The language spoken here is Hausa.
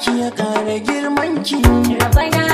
ki ya kare girman ki. Rabana